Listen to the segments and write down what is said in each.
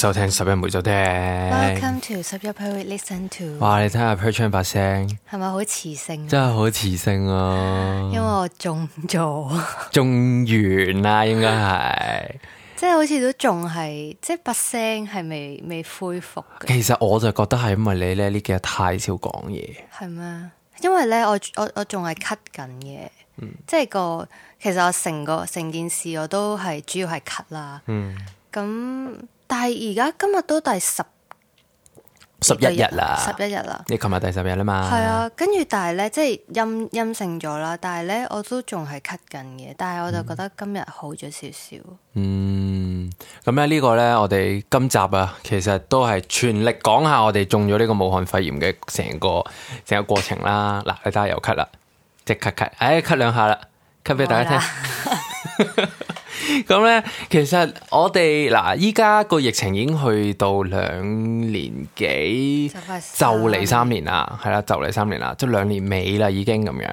收聽拾壹每週聽，Welcome to 十一 Per Listen to。哇，你睇下 Perchan 把聲，係咪好磁性？真係好磁性啊！啊因為我中咗， 中完啦，應該係，即係 好似都仲係，即係把聲係未未恢復。其實我就覺得係因為你咧呢幾日太少講嘢，係咩？因為咧我我我仲係咳緊嘅，嗯、即係個其實我成個成件事我都係主要係咳啦，嗯，咁、嗯。但係而家今日都第十十一日啦，十一日啦。你琴日第十日啦嘛？係啊。跟住，但係咧，即係陰陰性咗啦。但係咧，我都仲係咳緊嘅。但係我就覺得今日好咗少少。嗯，咁咧呢個咧，我哋今集啊，其實都係全力講下我哋中咗呢個武漢肺炎嘅成個成個過程啦。嗱，你而家又咳啦，即刻咳，哎，咳兩下啦，咳俾大家聽。 咁咧，其實我哋嗱，依家個疫情已經去到兩年幾，就嚟三年啦，係啦，就嚟三年啦，即係兩年尾啦，已經咁樣。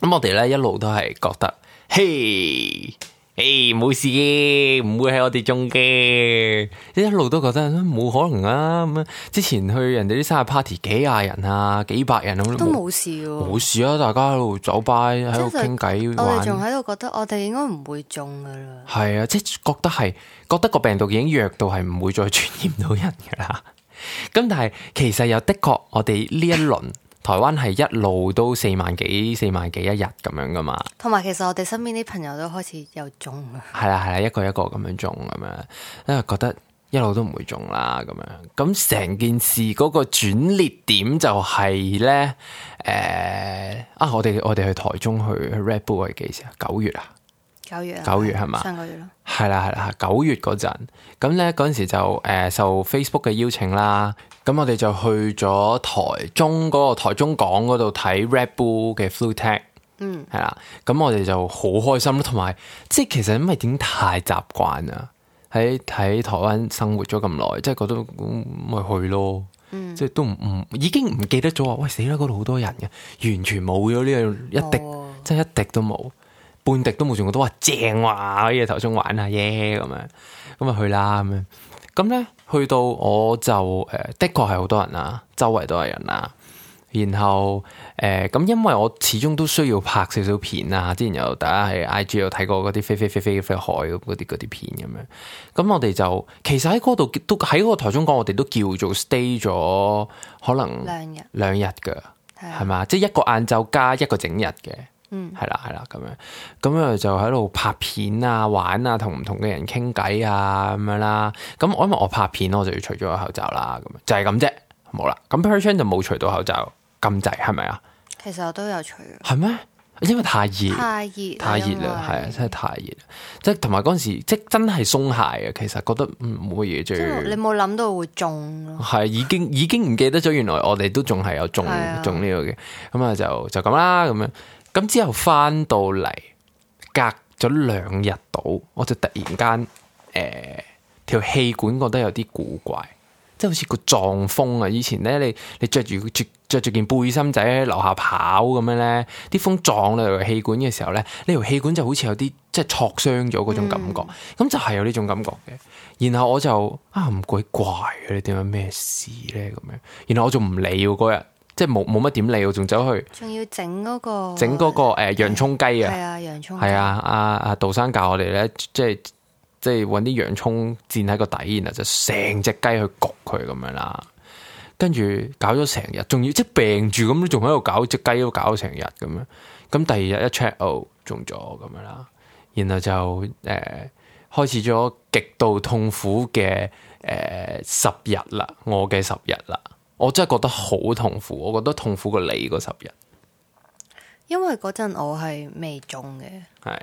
咁我哋咧一路都係覺得，嘿、hey! 誒，冇事嘅，唔會喺我哋中嘅。即係一路都覺得冇可能啊。咁啊，之前去人哋啲生日 party，幾廿人啊，幾百人都都冇事，冇事啊。大家喺度酒吧喺度傾偈，我哋仲喺度覺得我哋應該唔會中噶啦。係啊，即係覺得係，覺得個病毒已經弱到係唔會再傳染到人噶啦。咁但係其實又的確，我哋呢一輪。台灣係一路都四萬幾四萬幾一日咁樣㗎嘛，同埋其實我哋身邊啲朋友都開始有中 啊，係啦係啦，一個一個咁樣中咁樣，因為覺得一路都唔會中啦咁樣，咁成件事嗰個轉捩點就係咧，誒、呃、啊我哋我哋去台中去 Red Bull 係幾時啊？九月啊。九月，九月係嘛？三個月咯，係啦係啦，九月嗰陣，咁咧嗰陣時就誒、呃、受 Facebook 嘅邀請啦，咁我哋就去咗台中嗰個台中港嗰度睇 Red Bull 嘅 Flutek，嗯，係啦，咁我哋就好開心咯，同埋即係其實因為點太習慣啊，喺喺台灣生活咗咁耐，即係覺得咪、嗯、去咯，嗯、即係都唔已經唔記得咗啊，喂死啦，嗰度好多人嘅，完全冇咗呢樣一滴，即係有、哦、一滴都冇。半滴都冇做，我都話正話、啊，喺頭中玩下嘢，咁、yeah、樣，咁咪去啦咁樣。咁咧去到我就誒的確係好多人啦，周圍都係人啦。然後誒咁，因為我始終都需要拍少少片啊。之前有大家喺 IG 有睇過嗰啲飛飛飛飛飛海咁嗰啲啲片咁樣。咁我哋就其實喺嗰度都喺個台中講，我哋都叫做 stay 咗可能兩日兩日噶，係嘛？即係一個晏晝加一個整日嘅。嗯，係啦，係啦，咁樣，咁啊就喺度拍片啊，玩啊，同唔同嘅人傾偈啊，咁樣啦。咁我因為我拍片，我就要除咗個口罩啦。咁就係咁啫，冇啦。咁 Perchan 就冇除到口罩咁滯，係咪啊？其實我都有除。係咩？因為太熱，太熱熱，因太熱啦，係啊，真係太熱。即係同埋嗰陣時，即真係鬆懈啊。其實覺得冇乜嘢啫。你冇諗到會中咯？係啊已經已經唔記得咗，原來我哋都仲係有中 中呢、這個嘅。咁啊就就咁啦，咁樣。咁之後翻到嚟，隔咗兩日到，我就突然間誒條、欸、氣管覺得有啲古怪，即係好似個撞風啊！以前咧，你你著住著住件背心仔喺樓下跑咁樣咧，啲風撞你條氣管嘅時候咧，你條氣管就好似有啲即係挫傷咗嗰種感覺，咁、嗯、就係有呢種感覺嘅。然後我就啊唔鬼怪、啊、你點解咩事咧咁樣？然後我仲唔理嗰、啊、日。即係冇冇乜點理，我仲走去，仲要整嗰個，整嗰個誒、呃、洋蔥雞啊，係啊洋蔥，係啊阿阿、啊、杜生教我哋咧，即係即係搵啲洋蔥墊喺個底，然後就成隻雞去焗佢咁樣啦，跟住搞咗成日，仲要即係病住咁，仲喺度搞隻雞都搞成日咁樣，咁第二日一 check out 中咗咁樣啦，然後就誒、呃、開始咗極度痛苦嘅誒、呃、十日啦，我嘅十日啦。我真係覺得好痛苦，我覺得痛苦過你嗰十日，因為嗰陣我係未中嘅，係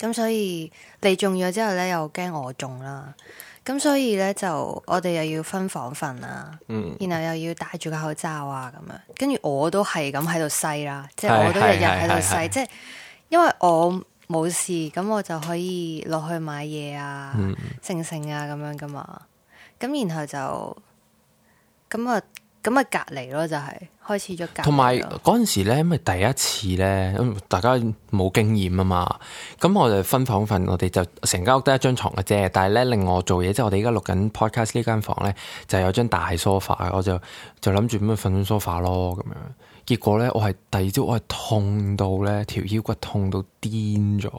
是，咁所以你中咗之後咧，又驚我中啦，咁所以咧就我哋又要分房瞓啦，嗯、然後又要戴住個口罩啊，咁樣，跟住我都係咁喺度篩啦，即係我都日日喺度篩，即係因為我冇事，咁我就可以落去買嘢啊，剩剩、嗯、啊咁樣噶嘛，咁然後就。咁啊，咁啊隔離咯，就係、是、開始咗隔離。同埋嗰陣時咧，因為第一次咧，大家冇經驗啊嘛。咁我就分房瞓，我哋就成間屋得一張床嘅啫。但係咧，令我做嘢之後，即我哋而家錄緊 podcast 呢間房咧，就有張大 sofa，我就就諗住咁啊瞓張 sofa 咯咁樣。結果咧，我係第二朝，我係痛到咧條腰骨痛到癲咗。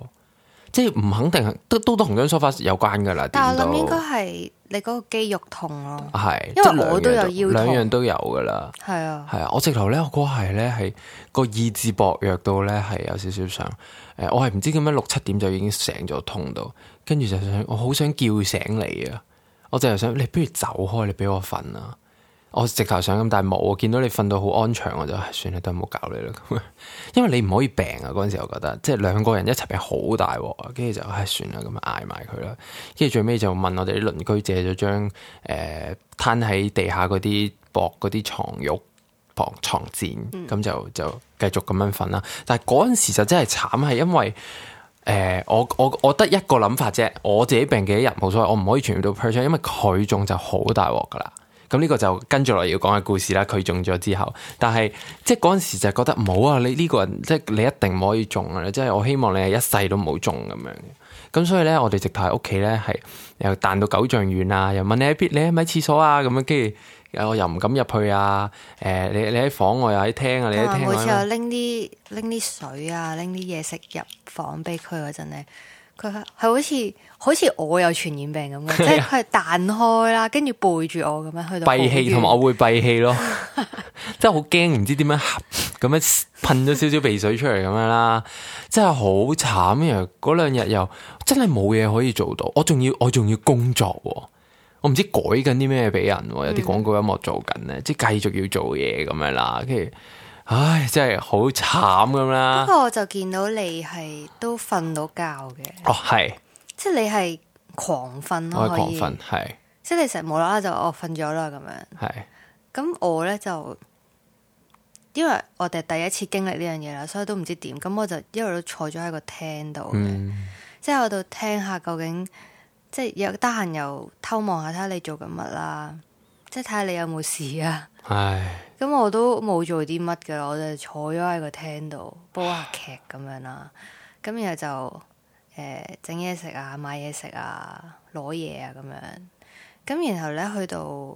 即係唔肯定，都都同張梳化有關噶啦。但係我諗應該係你嗰個肌肉痛咯、啊。係、啊，因為都我都有腰痛，兩樣都有噶啦。係是啊，係啊，我直頭咧，我哥係咧，係個意志薄弱到咧，係有少少想。誒、呃，我係唔知點解六七點就已經醒咗痛到，跟住就想，我好想叫醒你啊！我就係想，你不如走開，你俾我瞓啊！我直頭想咁，但係冇見到你瞓到好安詳，我就算啦，都冇搞你啦。 因為你唔可以病啊！嗰陣時我覺得，即係兩個人一齊病好大鑊啊！跟住就唉、哎，算啦，咁啊嗌埋佢啦。跟住最尾就問我哋啲鄰居借咗張誒攤喺地下嗰啲薄嗰啲床褥、床床墊，咁、嗯、就就繼續咁樣瞓啦。但係嗰陣時就真係慘，係因為誒、呃，我我我得一個諗法啫，我自己病幾日冇所謂，我唔可以傳染到 Per, 因為佢中就好大鑊噶啦。咁呢個就跟住落嚟要講嘅故事啦，佢中咗之後，但係即係嗰陣時就覺得冇啊！你呢、這個人即係你一定唔可以中嘅、啊，即係我希望你係一世都唔好中咁樣嘅。咁所以咧，我哋直頭喺屋企咧係又彈到九丈遠啊，又問你喺邊？你喺咪廁所啊？咁樣跟住我又唔敢入去啊！誒、呃，你你喺房外又喺廳啊，你喺廳、啊啊。每次又拎啲拎啲水啊，拎啲嘢食入房俾佢，嗰陣呢～佢係好似好似我有傳染病咁樣，即係佢係彈開啦，跟住背住我咁樣去到。閉氣同埋我會閉氣咯， 真係好驚，唔知點樣咁樣噴咗少少鼻水出嚟咁樣啦，真係好慘。嗰兩日又真係冇嘢可以做到，我仲要我仲要工作喎，我唔知改緊啲咩俾人喎，有啲廣告音樂做緊咧，即係繼續要做嘢咁樣啦，跟住。Das, 一唉，真係好慘咁啦。不過我就見到你係都瞓到覺嘅。哦，係。即係你係狂瞓咯，可以狂瞓，係。即係你成日無啦啦就我瞓咗啦，咁樣。係是。咁我咧就，因為我哋第一次經歷呢樣嘢啦，所以都唔知點。咁我就一路都坐咗喺個廳度，嗯、即係我度聽下究竟，即係有得閒又偷望下睇下你，看看你做緊乜啦，即係睇下你有冇事啊？唉，咁我都冇做啲乜噶啦，我就坐咗喺個廳度煲下劇咁樣啦。咁然後就誒整嘢食啊，買嘢食啊，攞嘢啊咁樣。咁然後咧去到，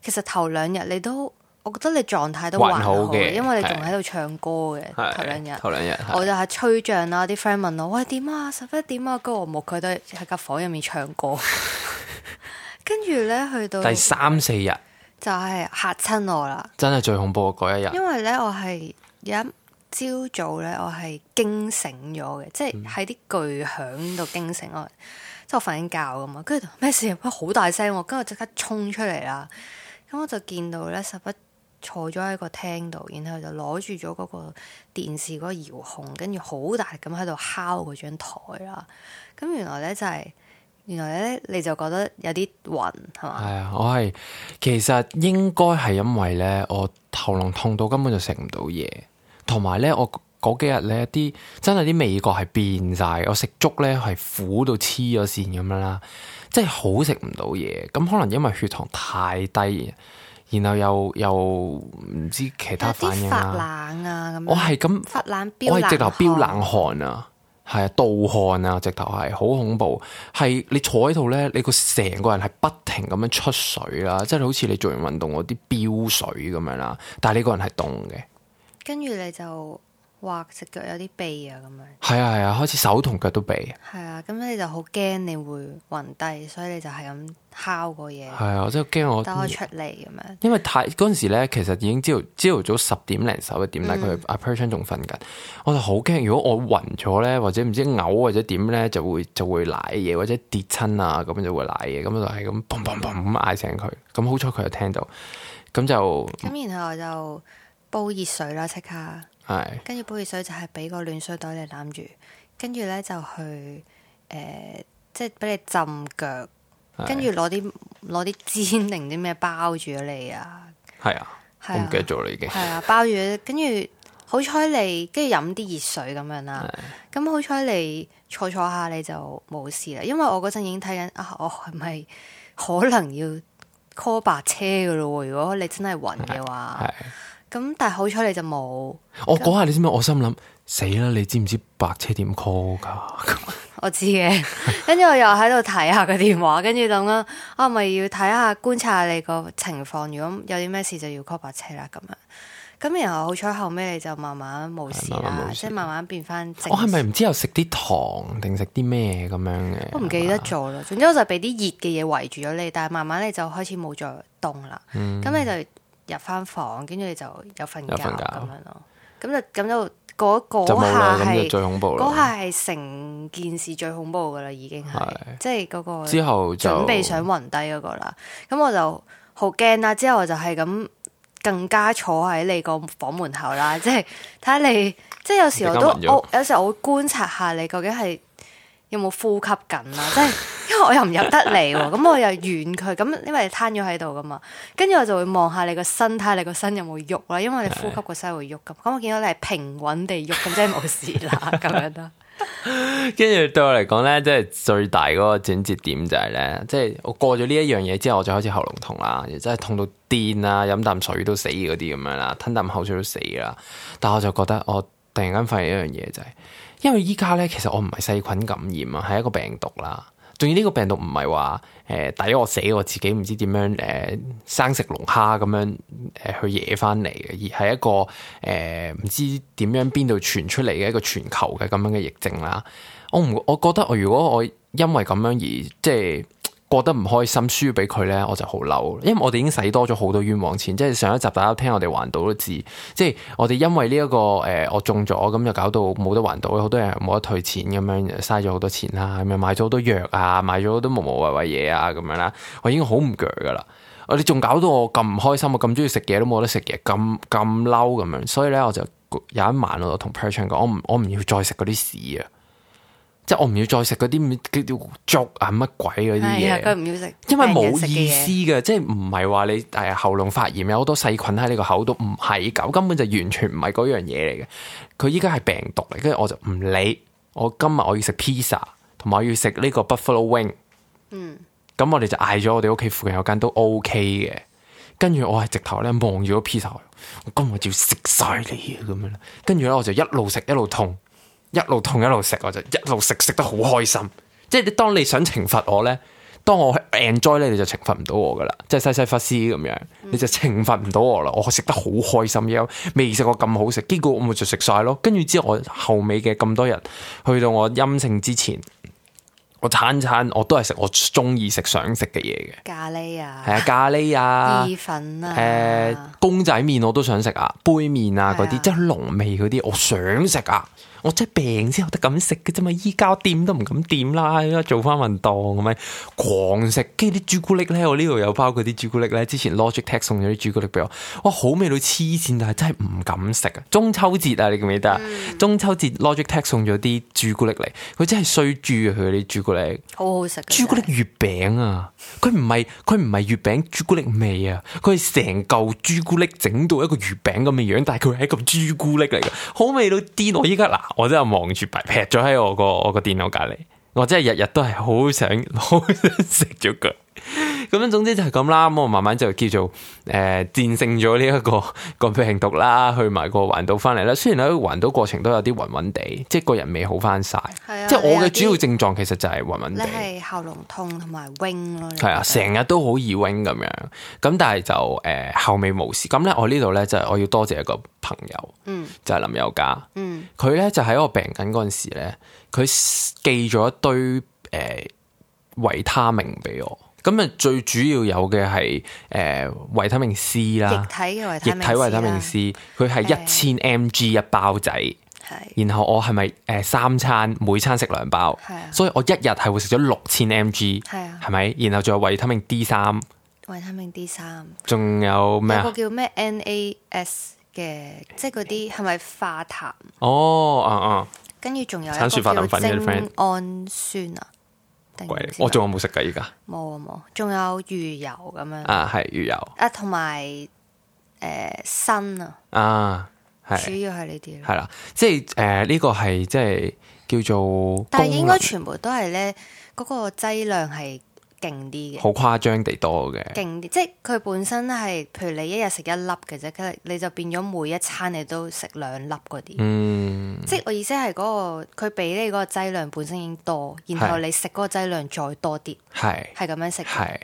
其實頭兩日你都，我覺得你狀態都還好，因為你仲喺度唱歌嘅。頭兩日，頭兩日，我就係吹脹啦。啲 friend 問我：喂、哎，點啊？十一點啊？高和木佢都喺間房入面唱歌。跟住咧去到第三四日。 就係嚇親我啦！真係最恐怖嗰一日。因為咧，我係有一朝早咧，我係驚醒咗嘅，即係喺啲巨響度驚醒、嗯、我，即係我瞓緊覺咁嘛。跟住咩事？哇，好大聲、啊！我跟住我即刻衝出嚟啦。咁我就見到咧，十不坐咗喺個廳度，然後就攞住咗嗰個電視嗰個遙控，跟住好大力咁喺度敲嗰張台啦。咁、嗯、原來咧就係、是。原來咧，你就覺得有啲暈，係嘛？係啊、哎，我係其實應該係因為咧，我喉嚨痛到根本就食唔到嘢，同埋咧，我嗰幾日咧啲真係啲味覺係變晒。我食粥咧係苦到黐咗線咁樣啦，即係好食唔到嘢。咁可能因為血糖太低，然後又又唔知其他反應啦、啊。有啲發冷啊，咁我係咁發冷，飆冷、我直頭飆冷汗啊。係啊，盜汗啊，直頭係好恐怖。係你坐喺度咧，你個成個人係不停咁樣出水啦，即係好似你做完運動嗰啲飆水咁樣啦。但係你個人係凍嘅，跟住你就。嘩，隻腳有啲痹啊，咁樣係 啊，係啊，開始手同腳都痹。係啊，咁、啊、你就好驚你會暈低，所以你就係咁敲個嘢。係啊，真係驚我。等我出嚟咁樣。因為太嗰陣時咧，其實已經朝朝頭早十點零十一點，但係佢阿 Perchan 仲瞓緊，嗯、我就好驚。如果我暈咗咧，或者唔知嘔或者點咧，就會就會瀨嘢或者跌親啊，咁就會瀨嘢，咁就係咁砰砰砰咁嗌醒佢。咁好彩佢就聽到，咁就咁、嗯、然後我就煲熱水啦，即刻。係，跟住煲熱水就係俾個暖水袋你攬住，跟住咧就去，誒、呃，即係俾你浸腳，跟住攞啲攞啲氈定啲咩包住你啊，係啊的，唔的記得咗啦已經，係啊，包住，跟住好彩你跟住飲啲熱水咁樣啦，咁好彩你坐著坐下你就冇事啦，因為我嗰陣已經睇緊啊，我係咪可能要 call 白車噶咯？如果你真係暈嘅話。咁但係好彩你就冇，我嗰下你知唔知？我，我心諗死啦！你知唔知白車點 call 噶？我知嘅，跟住我又喺度睇下個電話，跟住咁啦，我、啊、咪、就是、要睇下觀察下你個情況。如果有啲咩事，就要 call 白車啦。咁樣，咁然後好彩後尾你就慢慢冇事啦，嗯、慢慢冇事即係慢慢變翻。我係咪唔知又食啲糖定食啲咩咁樣嘅？都唔記得咗啦。嗎總之我就俾啲熱嘅嘢圍住咗你，但係慢慢你就開始冇再凍啦。咁你就。嗯嗯入翻房，跟住你就有瞓覺咁樣咯，咁就咁就嗰嗰下係最恐怖啦，嗰下係成件事最恐怖噶啦，已經係對即係嗰個之後準備想暈低嗰個啦，咁我就好驚啦，之後我就係咁更加坐喺你個房門口啦， 即係睇你，即係有時我都我，有時我會觀察下你究竟係。有冇呼吸緊啦，啊？即係，因為我又唔入得嚟，咁 我又遠佢，咁因為你攤咗喺度㗎嘛，跟住我就會望下你個身體，睇下你個身有冇喐啦，因為你呼吸個身體會喐咁，啊，咁 我見到你係平穩地喐，咁真係冇事啦，咁樣啦。跟住對我嚟講咧，即係最大嗰個轉折點就係、是、咧，即係我過咗呢一樣嘢之後，我就開始喉嚨痛啦，真係痛到癲啦，飲啖水都死嗰啲咁樣啦，吞啖口水都死啦，但我就覺得我。突然間發現一樣嘢就係、是，因為依家咧其實我唔係細菌感染啊，係一個病毒啦。仲要呢個病毒唔係話誒抵我死，我自己唔知點樣誒、呃、生食龍蝦咁樣誒去惹翻嚟嘅，而係一個誒唔、呃、知點樣邊度傳出嚟嘅一個全球嘅咁樣嘅疫症啦。我唔，我覺得我如果我因為咁樣而即係。覺得唔開心輸俾佢咧，我就好嬲，因為我哋已經使多咗好多冤枉錢。即係上一集大家聽我哋環島都知，即係我哋因為呢、這、一個誒、呃，我中咗咁就搞到冇得環島，好多人冇得退錢咁樣，嘥咗好多錢啦，咪買咗好多藥啊，買咗好多無無謂嘅嘢啊咁樣啦。我已經好唔鋸㗎啦，我哋仲搞到我咁唔開心，我咁鍾意食嘢都冇得食嘢，咁咁嬲咁樣，所以咧我就有一晚我就同 Perchan 講，我唔我唔要再食嗰啲屎啊！即係我唔要再食嗰啲叫粥啊乜鬼嗰啲嘢，佢唔要食，因為冇意思嘅，即係唔係話你誒喉嚨發炎有好多細菌喺呢個口度，唔係狗，根本就完全唔係嗰樣嘢嚟嘅。佢依家係病毒嚟，跟住我就唔理。我今日我要食披薩，同埋我要食呢個 buffalo wing。嗯，咁我哋就嗌咗我哋屋企附近有間都 OK 嘅，跟住我係直頭咧望住個披薩，我今日就要食晒你啊咁樣。跟住咧我就一路食一路痛。一路痛一路食，我就一路食食得好開心。即係你當你想懲罰我呢，當我 enjoy 咧，你就懲罰唔到我噶啦。即係西西弗斯咁樣，你就懲罰唔到我啦。我食得好開心，又未食過咁好食，結果我咪就食晒咯。跟住之後我後尾嘅咁多人去到我陰性之前，我餐餐我都係食我中意食想食嘅嘢嘅咖喱啊，係啊咖喱啊、意粉啊、呃，誒公仔麵我都想食啊，杯麵啊嗰啲即係濃味嗰啲，我想食啊。我真係病先有得咁食嘅啫嘛！依家掂都唔敢掂啦，做翻運動咁咪狂食。跟住啲朱古力咧，我呢度有包佢啲朱古力咧。之前 Logitech 送咗啲朱古力俾我，哇！好味到黐線，但係真係唔敢食啊！中秋節啊，你記唔記得？嗯、中秋節 Logitech 送咗啲朱古力嚟，佢真係衰豬啊！佢啲朱古力好好食，朱古力月餅啊！佢唔係佢唔係月餅朱古力味啊！佢係成嚿朱古力整到一個月餅咁嘅樣，但係佢係一個朱古力嚟㗎，好味到癲！我依家嗱。我真係望住，劈劈咗喺我個我個電腦隔籬，我真係日日都係好想好想食咗佢。 咁樣總之就係咁啦，咁我慢慢就叫做誒、呃、戰勝咗呢一個個病毒啦，去埋個環島翻嚟啦。雖然喺環島過程都有啲暈暈地，即係個人未好翻晒，啊、即係我嘅主要症狀其實就係暈暈地。你係喉嚨痛同埋 wing 咯，係啊，成日都好易 wing 咁樣。咁但係就誒後尾無事。咁咧我呢度咧就我要多謝一個朋友，嗯、就係林宥嘉，佢咧、嗯、就喺我病緊嗰陣時咧，佢寄咗一堆誒維他命俾我。咁啊，最主要有嘅係誒維他命 C 啦，液體嘅液體維他命 C，佢係一千 mg 一包仔，係，然後我係咪誒三餐每餐食兩包，係，所以我一日係會食咗六千 mg，係啊，係咪？然後仲有維他命 D 三，維他命 D 三，仲有咩啊？有個叫咩 NAS 嘅，即係嗰啲係咪化痰？哦，啊啊，跟住仲有一個叫精氨酸啊。我仲有冇食㗎依家？冇啊冇，仲有,有魚油咁樣。啊係魚油啊，同埋誒新啊。啊，主要係呢啲。係啦，即係誒呢個係即係叫做，但係應該全部都係咧，嗰、那個劑量係。勁啲嘅，好誇張地多嘅。勁啲即係佢本身係，譬如你一日食一粒嘅啫，其實你就變咗每一餐你都食兩粒嗰啲，嗯，即係我意思係嗰、嗰個佢畀你嗰個劑量本身已經多，然後你食嗰個劑量再多啲，係係咁樣食，係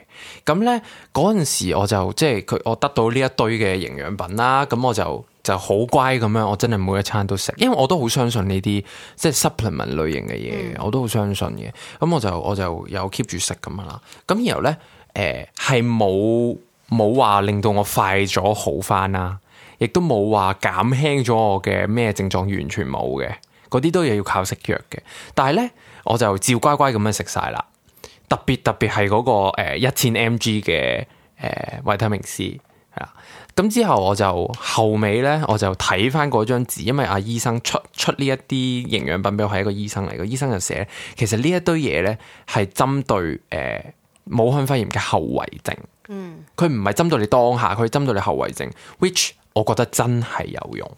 咁咧嗰陣時我就即係佢我得到呢一堆嘅營養品啦，咁我就。就好乖咁樣，我真係每一餐都食，因為我都好相信呢啲即係 supplement 類型嘅嘢，嗯、我都好相信嘅。咁我就我就有 keep 住食咁樣啦。咁然後咧，誒係冇冇話令到我快咗好返啦，亦都冇話減輕咗我嘅咩症狀，完全冇嘅。嗰啲都嘢要靠食藥嘅。但係咧，我就照乖乖咁樣食晒啦。特別特別係嗰個一千 mg 嘅誒維他命 C。係啦，咁之後我就後尾咧，我就睇翻嗰張紙，因為阿、啊、醫生出出呢一啲營養品俾我，係一個醫生嚟嘅，醫生就寫，其實呢一堆嘢咧係針對誒、呃、武漢肺炎嘅後遺症，嗯，佢唔係針對你當下，佢針對你後遺症，which 我覺得真係有用，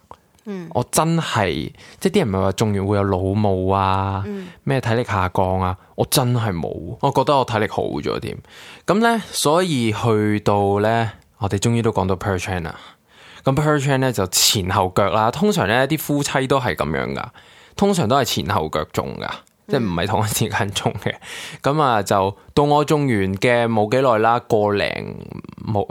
嗯，我真係即係啲人唔係話中完會有腦霧啊，咩、嗯、體力下降啊，我真係冇，我覺得我體力好咗點，咁咧，所以去到咧。我哋終於都講到 Perchan 啦，咁 Perchan 咧就前後腳啦。通常咧啲夫妻都係咁樣噶，通常都係前後腳中噶，嗯、即係唔係同一時間中嘅。咁、嗯、啊，就到我中完嘅冇幾耐啦，過零冇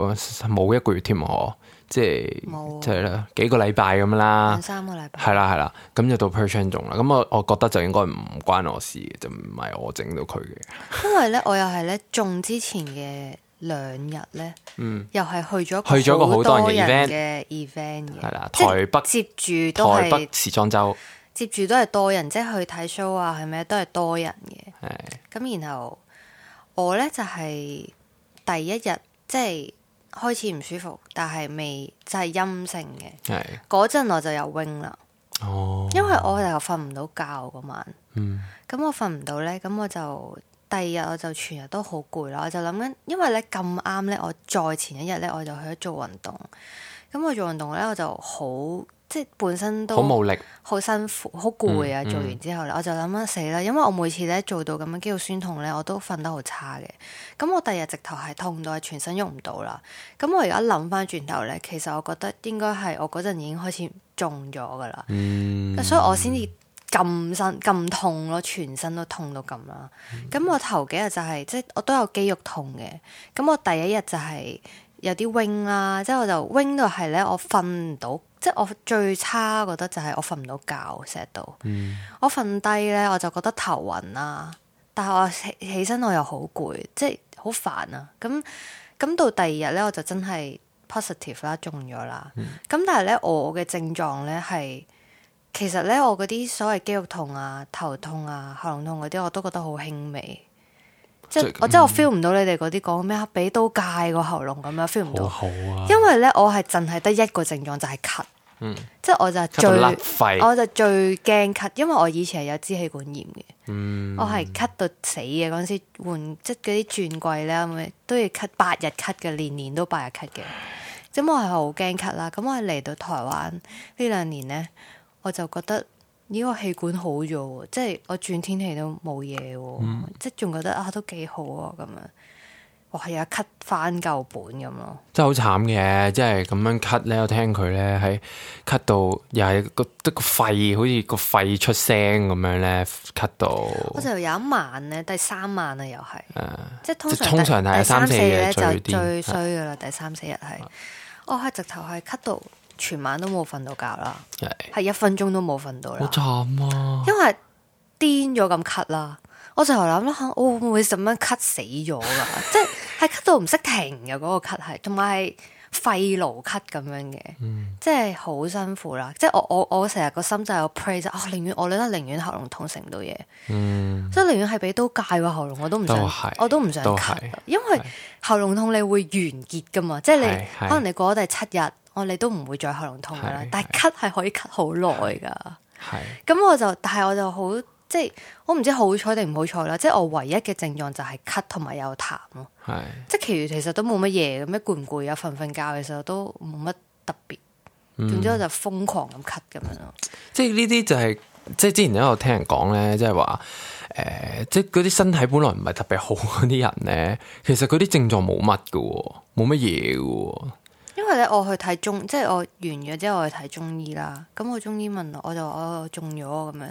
冇一個月添喎，即係即係啦，幾個禮拜咁啦，三個禮拜係啦係啦，咁就到 Perchan 中啦。咁、嗯、我我覺得就應該唔關我事，就唔係我整到佢嘅。因為咧，我又係咧中之前嘅。 兩日咧，嗯，又係去咗去咗個好多人 event 嘅 event，係啦，台北接住台北時裝周，接住都係多人，即係去睇 show 啊，係咩都係多人嘅。係，咁然後我咧就係、是、第一日即係、就是、開始唔舒服，但係未就係、是、陰性嘅。係，嗰陣我就有 wing 啦。哦，因為我就瞓唔到覺嗰晚。嗯，咁我瞓唔到咧，咁我就。第二日我就全日都好攰啦，我就諗緊，因為咧咁啱咧，我再前一日咧我就去咗做運動，咁我做運動咧我就好即係本身都好無力，好辛苦，好攰啊！嗯嗯、做完之後咧，我就諗緊死啦，因為我每次咧做到咁樣肌肉酸痛咧，我都瞓得好差嘅。咁我第二日直頭係痛到係全身喐唔到啦。咁我而家諗翻轉頭咧，其實我覺得應該係我嗰陣已經開始中咗噶啦，嗯、所以我先至。咁身咁痛咯，全身都痛到咁啦。咁、嗯、我頭幾日就係、是，即係我都有肌肉痛嘅。咁我第一日就係有啲 wing 啦，即係我就 wing 到係咧，我瞓唔到，即係我最差我覺得就係我瞓唔到覺，成日到我瞓低咧我就覺得頭暈啦、啊。但係我起起身我又好攰，即係好煩啊。咁咁到第二日咧，我就真係 positive 啦，中咗啦。咁但係咧，我嘅症狀咧係。其實咧，我嗰啲所謂肌肉痛啊、頭痛啊、喉嚨痛嗰啲，我都覺得好輕微，即係我真係 feel 唔到你哋嗰啲講咩俾刀戒個喉嚨咁樣 feel 唔到，好啊，因為咧我係淨係得一個症狀就係咳，嗯，即係我就最我就最驚咳，因為我以前係有支氣管炎嘅，嗯，我係咳到死嘅嗰陣時，換即係嗰啲轉季咧，咁都要咳八日咳嘅，年年都八日咳嘅，咁我係好驚咳啦。咁我係嚟到台灣呢兩年咧。我就覺得呢個氣管好咗，即係我轉天氣都冇嘢、啊，嗯、即係仲覺得啊都幾好啊咁樣，哇！又咳翻舊本咁咯。真係好慘嘅，即係咁樣咳咧。我聽佢咧喺咳到，又係個得個肺，好似個肺出聲咁樣咧咳到。我就有一晚咧，第三晚啊，又係，即係通常第通常係三四日咧就最衰噶啦，第三四日係，我係直頭係咳到。全晚都冇瞓到覺啦，係一分鐘都冇瞓到啦。好慘啊！因為癲咗咁咳啦，我就日諗啦，吓我會唔會咁樣咳死咗噶？即係咳到唔識停嘅嗰個咳係，同埋肺癆咳咁樣嘅，即係好辛苦啦。即係我我我成日個心就係有 pray 就啊，寧願我覺得寧願喉嚨痛食唔到嘢，即係寧願係俾刀戒個喉嚨，我都唔想，我都唔想咳，因為喉嚨痛你會完結噶嘛？即係你可能你過咗第七日。我哋、哦、都唔會再喉嚨痛噶啦，是是但係咳係可以咳好耐噶。係咁是是 我就，但係我就好，即係我唔知好彩定唔好彩啦。即係我唯一嘅症狀就係咳同埋有痰咯。係是 即係其餘其實都冇乜嘢嘅咩，攰唔攰啊，瞓唔瞓覺嘅時候都冇乜特別。然之後就瘋狂咁咳咁樣咯。即係呢啲就係即係之前咧我聽人講咧，即係話誒，即係嗰啲身體本來唔係特別好嗰啲人咧，其實佢啲症狀冇乜嘅，冇乜嘢嘅。因為咧，我去睇中，即係我完咗之後，我去睇中醫啦。咁我中醫問我，我就我、哦、中咗咁樣。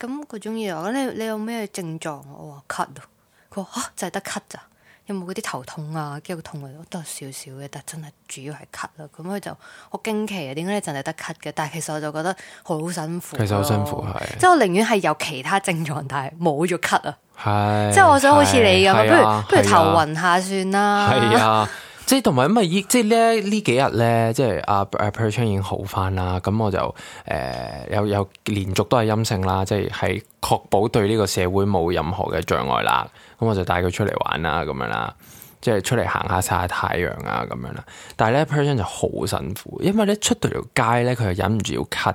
咁佢中醫話：你你有咩症狀？我話咳，咳啊。佢話吓，就係、是、得咳咋？有冇嗰啲頭痛啊？肌肉痛啊？都多少少嘅，但真係主要係咳啦。咁佢就好驚奇啊！點解你淨係得咳嘅？但係其實我就覺得好辛，辛苦。其實好辛苦係。即係我寧願係有其他症狀，但係冇咗咳啊。係是。即係我想好似你咁，不如不如，不如頭暈下算啦。係啊。即係同埋，因為即係咧呢幾日咧，即係阿阿 Perchan 已經好翻啦。咁、嗯、我就誒、呃、有有連續都係陰性啦，即係係確保對呢個社會冇任何嘅障礙啦。咁、嗯、我就帶佢出嚟玩啦，咁樣啦，即係出嚟行下晒下太陽啊，咁樣啦。但係咧 Perchan 就好辛苦，因為咧出到條街咧，佢就忍唔住要咳。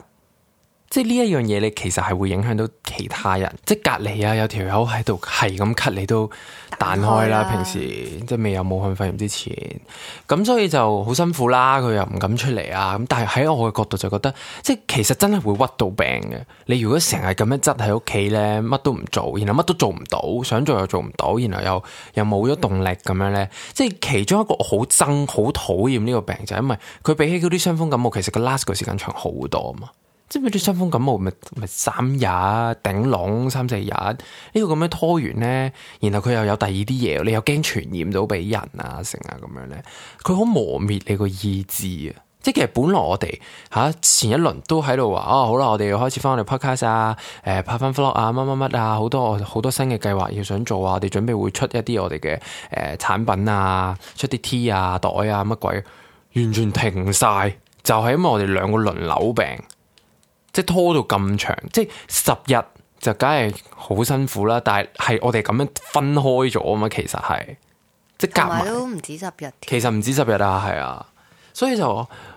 即係呢一樣嘢，你其實係會影響到其他人。即係隔籬啊，有條友喺度係咁咳，你都彈開啦。平時即係未有冇武漢肺炎之前，咁所以就好辛苦啦。佢又唔敢出嚟啊。咁但係喺我嘅角度就覺得，即係其實真係會屈到病嘅。你如果成日咁樣執喺屋企咧，乜都唔做，然後乜都做唔到，想做又做唔到，然後又又冇咗動力咁樣咧，嗯、即係其中一個好憎、好討厭呢個病就係、是、因為佢比起嗰啲傷風感冒，其實個 last 嘅時間長好多啊嘛。知唔知？傷風感冒咪咪三日頂籠三四日呢，呢個咁樣拖完咧，然後佢又有第二啲嘢，你又驚傳染到俾人啊，成啊咁樣咧，佢好磨滅你個意志啊。即係其實本來我哋吓，啊，前一輪都喺度話啊，好啦，我哋要開始翻嚟 podcast 啊，誒，呃，拍翻 vlog 啊，乜乜乜啊，好多好多新嘅計劃要想做啊，我哋準備會出一啲我哋嘅誒產品啊，出啲 T 啊袋啊乜鬼，完全停晒就係、是、因為我哋兩個輪流病。即係拖到咁長，即係十日就梗係好辛苦啦。但係係我哋咁樣分開咗啊嘛，其實係即係夾埋都唔止十日。其實唔止十日啊，係啊，所以就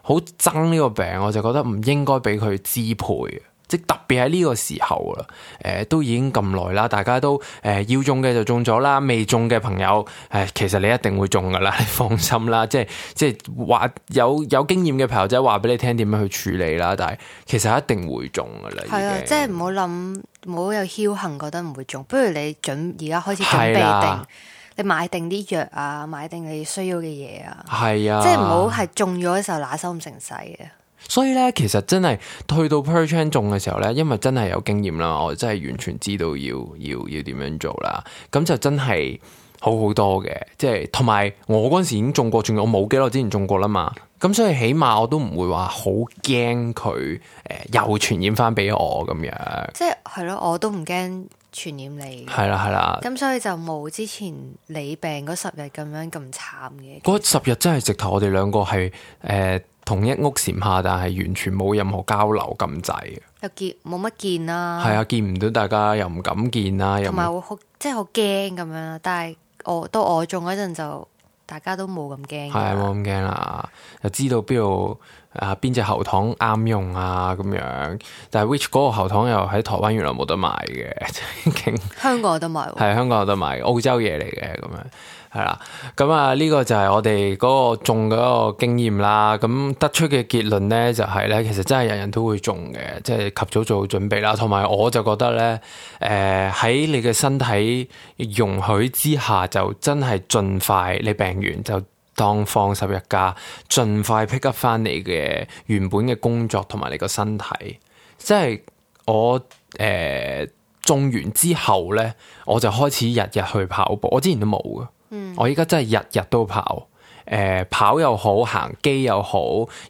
好憎呢個病，我就覺得唔應該俾佢支配。即特別喺呢個時候啦，誒、呃、都已經咁耐啦，大家都誒、呃、要中嘅就中咗啦，未中嘅朋友誒、呃，其實你一定會中噶啦，你放心啦，即係即係話有有經驗嘅朋友即係話俾你聽點樣去處理啦，但係其實一定會中噶啦，係啊，即係唔好諗，唔好有僥倖覺得唔會中。不如你準而家開始準備定，啊、你買定啲藥啊，買定你需要嘅嘢啊，係啊，即係唔好係中咗嘅時候拿手咁成勢。嘅。所以咧，其實真係去到 Perchan 中嘅時候咧，因為真係有經驗啦，我真係完全知道要要要點樣做啦。咁就真係好好多嘅，即係同埋我嗰陣時已經中過，仲我冇幾耐之前中過啦嘛。咁所以起碼我都唔會話好驚佢誒又傳染翻俾我咁樣。即係係咯，我都唔驚傳染你。係啦係啦。咁所以就冇之前你病嗰十日咁樣咁慘嘅。嗰十日真係直頭，我哋兩個係誒。同一屋檐下，但係完全冇任何交流咁滯，又見冇乜見啦。係啊，見唔到大家又唔敢見啦，又唔係會好即係好驚咁樣。但係我到我中嗰陣就，大家都冇咁驚。係啊，冇咁驚啦，又知道邊度啊邊隻喉糖啱用啊咁樣。但係 which 嗰個喉糖又喺台灣原來冇得賣嘅、 啊，香港有得賣。係香港有得賣，澳洲嘢嚟嘅咁樣。係啦，咁啊呢個就係我哋嗰個中嗰個經驗啦。咁、嗯、得出嘅結論咧，就係、是、咧，其實真係人人都會中嘅，即係及早做好準備啦。同埋，我就覺得咧，誒、呃、喺你嘅身體容許之下，就真係盡快你病完就當放十日假，盡快 pick up 翻你嘅原本嘅工作同埋你個身體。即係我誒中、呃、完之後咧，我就開始日日去跑步。我之前都冇嘅。嗯，我依家真係日日都跑，誒、呃、跑又好，行機又好，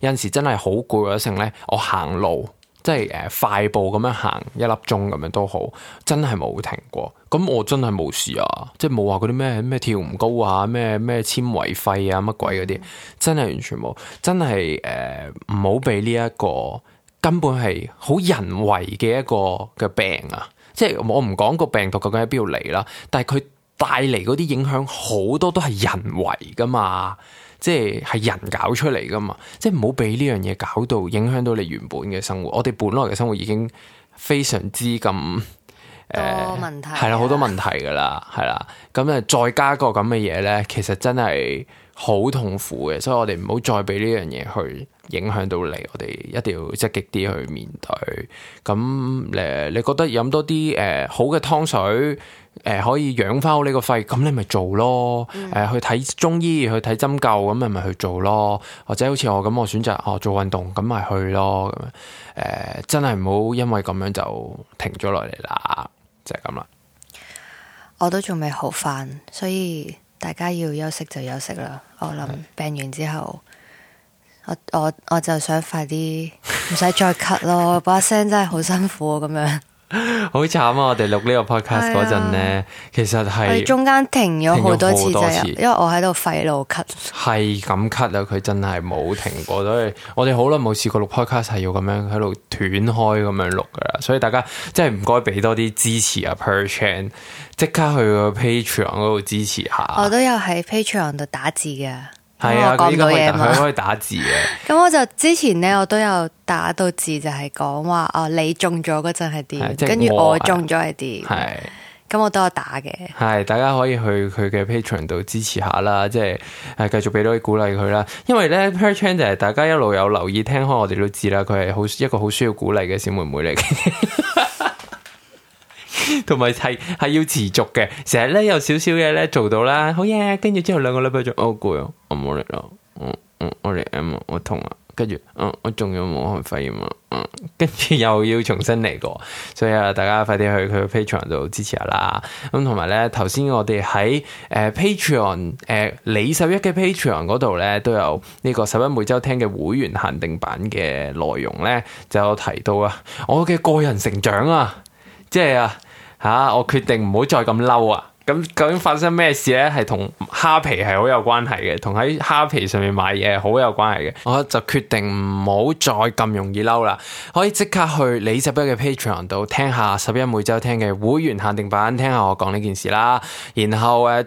有陣時真係好攰啊！成咧，我行路，即係誒快步咁樣行一粒鐘咁樣都好，真係冇停過。咁我真係冇事啊，即係冇話嗰啲咩咩跳唔高啊，咩咩纖維肺啊乜鬼嗰啲，真係完全冇，真係誒唔好俾呢一個根本係好人為嘅一個嘅病啊！即係我唔講個病毒究竟喺邊度嚟啦，但係佢。帶嚟嗰啲影響好多都係人為噶嘛，即係係人搞出嚟噶嘛，即係唔好俾呢樣嘢搞到影響到你原本嘅生活。我哋本來嘅生活已經非常之咁誒，呃、問題、係啦，好多問題噶啦，係啦、啊，咁誒、啊、再加個咁嘅嘢咧，其實真係好痛苦嘅。所以我哋唔好再俾呢樣嘢去影響到你，我哋一定要積極啲去面對。咁誒，你覺得飲多啲誒、呃、好嘅湯水？誒、呃，可以養翻好呢個肺，咁你咪做咯。誒、呃，去睇中醫，去睇針灸，咁咪咪去做咯。或者好似我咁，我選擇哦做運動，咁咪去咯。咁樣誒，真係唔好因為咁樣就停咗落嚟啦，就係咁啦。我都仲未好翻，所以大家要休息就休息啦。我諗病完之後，是的 我我我就想快啲，唔使再咳咯，把聲 真係好辛苦咁樣。好慘 啊！我哋錄呢個 podcast 嗰陣咧，啊、其實係中間停咗好多次，多次因為我喺度肺癆咳，係咁咳啊！佢真係冇停過，所以我哋好耐冇試過錄 podcast 係要咁樣喺度斷開咁樣錄噶啦，所以大家即係唔該俾多啲支持啊！Perchan，即刻去個 Patreon 嗰度支持下，我都有喺 Patreon 度打字噶。係啊，講唔到嘢，可以打字嘅。咁我就之前咧，我都有打到字就，就係講話，哦，你中咗嗰陣係點，跟住、就是、我，我中咗係點。係是，咁我都有打嘅。係，大家可以去佢嘅 Patreon 度支持下啦，即係誒，繼、啊、續俾多啲鼓勵佢啦。因為咧 Perchan 就係大家一路有留意聽開，我哋都知啦，佢係好一個好需要鼓勵嘅小妹妹嚟嘅。同埋係係要持續嘅，成日咧有少少嘢咧做到啦。好嘢，跟住之後兩個禮拜就好攰哦。我冇力咯，我力，我痛啊，跟住我仲有冇開肺炎啊，嗯跟住、嗯、又要重新嚟過，所以啊，大家快啲去佢 Patreon 度支持下啦。咁同埋咧，頭先我哋喺誒 Patreon 誒、呃、李十一嘅 Patreon 嗰度咧都有呢個十一每周聽嘅會員限定版嘅內容咧，就有提到啊，我嘅個人成長啊，即係啊。啊！我決定唔好再咁嬲啊！咁究竟發生咩事咧？係同蝦皮係好有關係嘅，同喺蝦皮上面買嘢，好有關係嘅。我就決定唔好再咁容易嬲啦，可以即刻去你十一嘅 Patreon 度聽下十一每周聽嘅會員限定版，聽下我講呢件事啦。然後誒，呃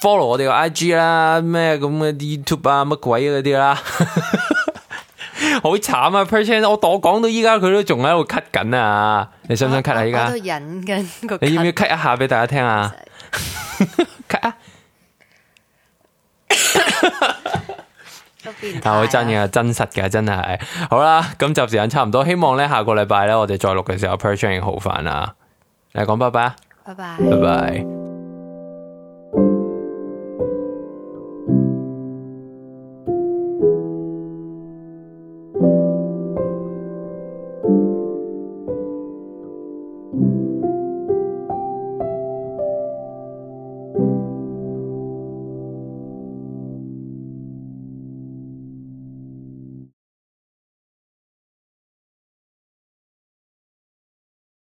，follow 我哋個 IG 啦，咩咁嘅啲 YouTube 啊，乜鬼嗰啲啦。 好慘啊！Perchan，我我講到依家佢都仲喺度咳緊啊！你想唔想咳而家？都、啊、忍緊，你要唔要咳一下俾大家聽啊？咳啊，啊！但係我真嘅真實嘅真係，好啦，咁就時間差唔多，希望咧下個禮拜咧我哋再錄嘅時候 Perchan 好返啦。嚟講拜拜拜拜拜拜。